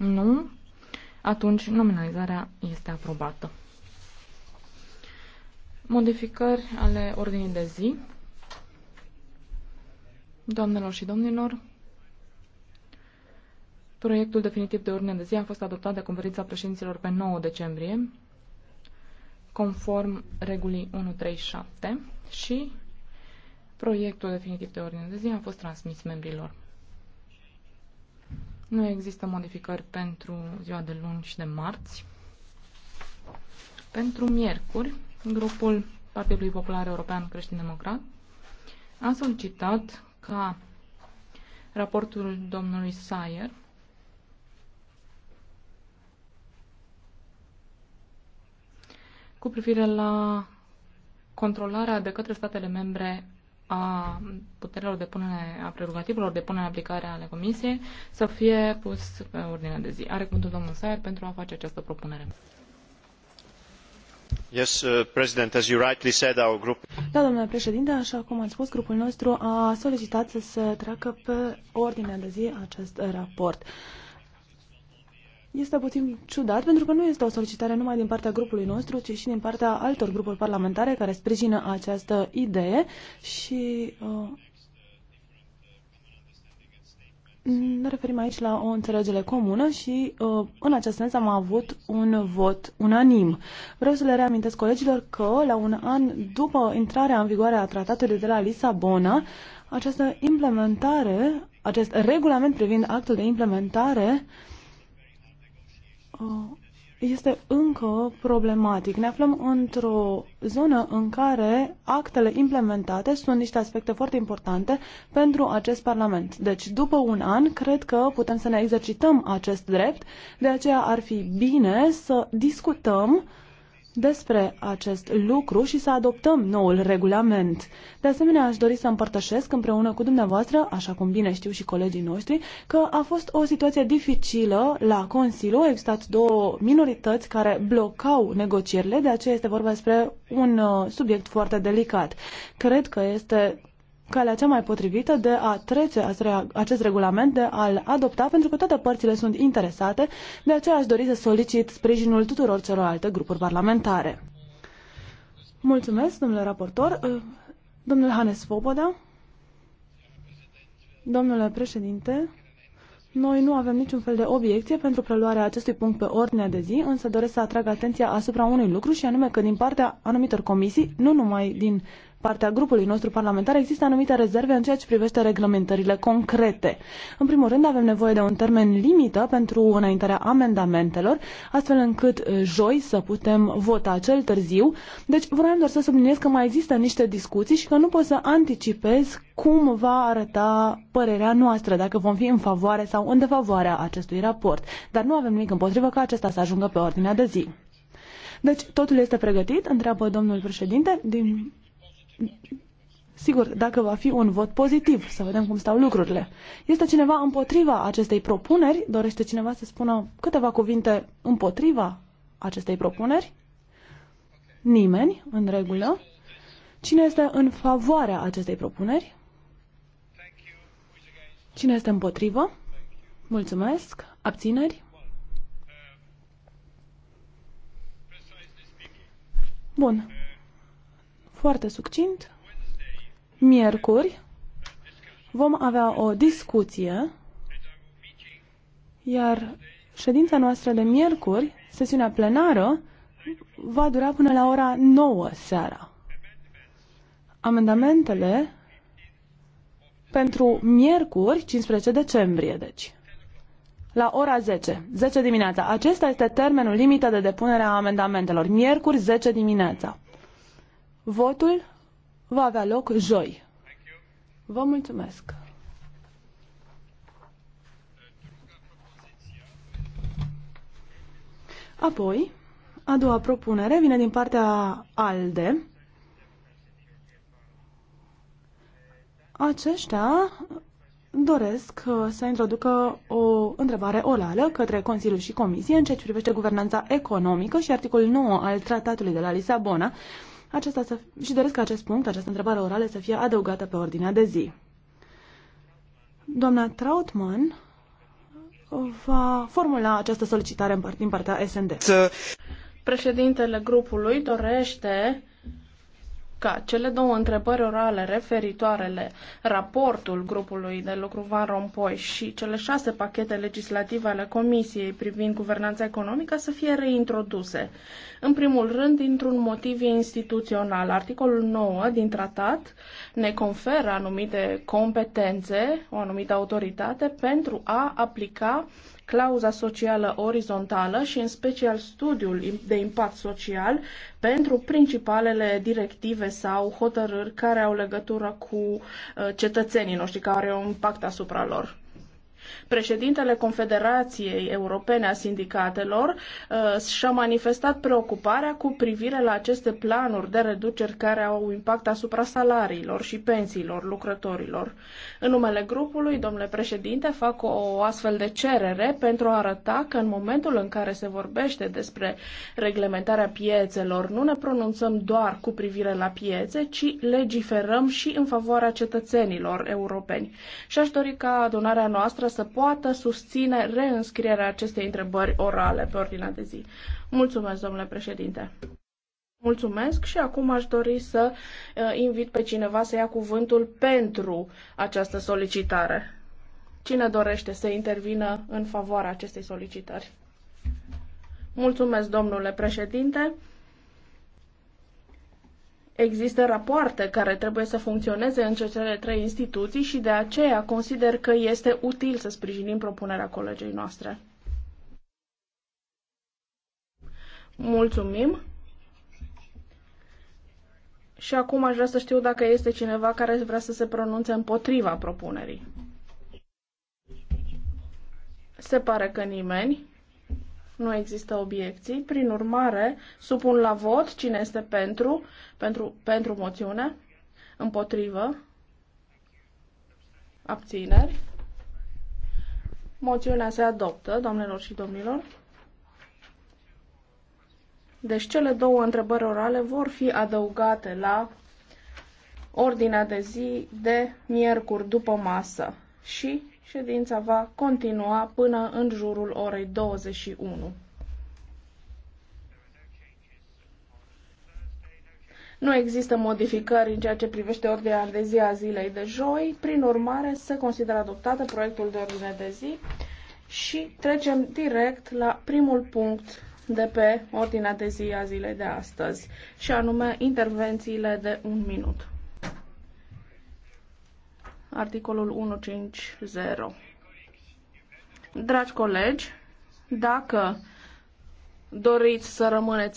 Nu? Atunci nominalizarea este aprobată. Modificări ale ordinii de zi. Doamnelor și domnilor, proiectul definitiv de ordine de zi a fost adoptat de conferința președinților pe 9 decembrie, conform regulii 137 și proiectul definitiv de ordine de zi a fost transmis membrilor. Nu există modificări pentru ziua de luni și de marți. Pentru miercuri, grupul Partidului Popular European Creștin Democrat a solicitat ca raportul domnului Sayer cu privire la controlarea de către statele membre a puterilor de punere, a prerogativelor de punere în aplicare ale Comisiei să fie pus pe ordinea de zi. Are cuvântul domnul Saier pentru a face această propunere. Yes, uh, President, as you rightly said, our group... Da, domnule președinte, așa cum ați spus, grupul nostru a solicitat să se treacă pe ordinea de zi acest raport. Uh, este puțin ciudat pentru că nu este o solicitare numai din partea grupului nostru, ci și din partea altor grupuri parlamentare care sprijină această idee și uh, ne referim aici la o înțelegere comună și uh, în acest sens am avut un vot unanim. Vreau să le reamintesc colegilor că la un an după intrarea în vigoare a tratatului de la Lisabona, această implementare, acest regulament privind actul de implementare uh, Uh, este încă problematic. Ne aflăm într-o zonă în care actele implementate sunt niște aspecte foarte importante pentru acest Parlament. Deci, după un an, cred că putem să ne exercităm acest drept, de aceea ar fi bine să discutăm uh, despre acest lucru și să adoptăm noul regulament. De asemenea, aș dori să împărtășesc împreună cu dumneavoastră, așa cum bine știu și colegii noștri, că a fost o situație dificilă la Consiliu. Au existat două minorități care blocau negocierile, de aceea este vorba despre un uh, subiect foarte delicat. Cred că este calea cea mai potrivită de a trece acest regulament, de a-l adopta, pentru că toate părțile sunt interesate, de aceea aș dori să solicit sprijinul tuturor celorlalte grupuri parlamentare. Mulțumesc, domnule raportor. Uh, domnul Hannes Svoboda. Domnule președinte, noi nu avem niciun fel de obiecție pentru preluarea acestui punct pe ordinea de zi, însă doresc să atrag atenția asupra unui lucru și anume că din partea anumitor comisii, nu numai din partea grupului nostru parlamentar există anumite rezerve în ceea ce privește reglementările concrete. În primul rând, avem nevoie de un termen limită pentru înaintarea amendamentelor, astfel încât eh, joi să putem vota cel târziu. Deci, vreau doar să subliniez că mai există niște discuții și că nu pot să anticipez cum va arăta părerea noastră, dacă vom fi în favoare sau în defavoarea acestui raport. Dar nu avem nimic împotrivă ca acesta să ajungă pe ordinea de zi. Deci, totul este pregătit, întreabă domnul președinte. Din Sigur, dacă va fi un vot pozitiv, să vedem cum stau lucrurile. Este cineva împotriva acestei propuneri? Dorește cineva să spună câteva cuvinte împotriva acestei propuneri? Nimeni, în regulă. Cine este în favoarea acestei propuneri? Cine este împotrivă? Mulțumesc. Abțineri? Bun. Foarte succint. Miercuri vom avea o discuție, iar ședința noastră de miercuri, sesiunea plenară, va dura până la ora 9 seara. Amendamentele pentru miercuri, 15 decembrie, deci. La ora 10, 10 dimineața. Acesta este termenul limită de depunere a amendamentelor, miercuri 10 dimineața. Votul va avea loc joi. Vă mulțumesc! Apoi, a doua propunere vine din partea ALDE. Aceștia doresc uh, să introducă o întrebare orală către Consiliul și Comisie în ceea ce privește guvernanța economică și articolul 9 al Tratatului de la Lisabona acesta să, și doresc ca acest punct, această întrebare orală, să fie adăugată pe ordinea de zi. Doamna Trautmann va formula această solicitare din partea SND. Președintele grupului dorește ca cele două întrebări orale referitoare la raportul grupului de lucru Van Rompuy și cele șase pachete legislative ale Comisiei privind guvernanța economică să fie reintroduse. În primul rând, dintr-un motiv instituțional. Articolul 9 din tratat ne conferă anumite competențe, o anumită autoritate pentru a aplica clauza socială orizontală și în special studiul de impact social pentru principalele directive sau hotărâri care au legătură cu uh, cetățenii noștri, care au impact asupra lor. Președintele Confederației Europene a Sindicatelor uh, și-a manifestat preocuparea cu privire la aceste planuri de reduceri care au impact asupra salariilor și pensiilor lucrătorilor. În numele grupului, domnule președinte, fac o astfel de cerere pentru a arăta că în momentul în care se vorbește despre reglementarea piețelor, nu ne pronunțăm doar cu privire la piețe, ci legiferăm și în favoarea cetățenilor europeni. Și aș dori ca adunarea noastră să să poată susține reînscrierea acestei întrebări orale pe ordinea de zi. Mulțumesc, domnule președinte! Mulțumesc și acum aș dori să uh, invit pe cineva să ia cuvântul pentru această solicitare. Cine dorește să intervină în favoarea acestei solicitări? Mulțumesc, domnule președinte. Există rapoarte care trebuie să funcționeze între cele trei instituții și de aceea consider că este util să sprijinim propunerea colegei noastre. Mulțumim! Și acum aș vrea să știu dacă este cineva care vrea să se pronunțe împotriva propunerii. Se pare că nimeni. Nu există obiecții. Prin urmare, supun la vot cine este pentru, pentru, pentru moțiune, împotrivă, abțineri. Moțiunea se adoptă, doamnelor și domnilor. Deci cele două întrebări orale vor fi adăugate la ordinea de zi de miercuri după masă și Ședința va continua până în jurul orei 21. Nu există modificări în ceea ce privește ordinea de zi a zilei de joi, prin urmare se consideră adoptată proiectul de ordine de zi și trecem direct la primul punct de pe ordinea de zi a zilei de astăzi, și anume intervențiile de un minut articolul 150. Dragi colegi, dacă doriți să rămâneți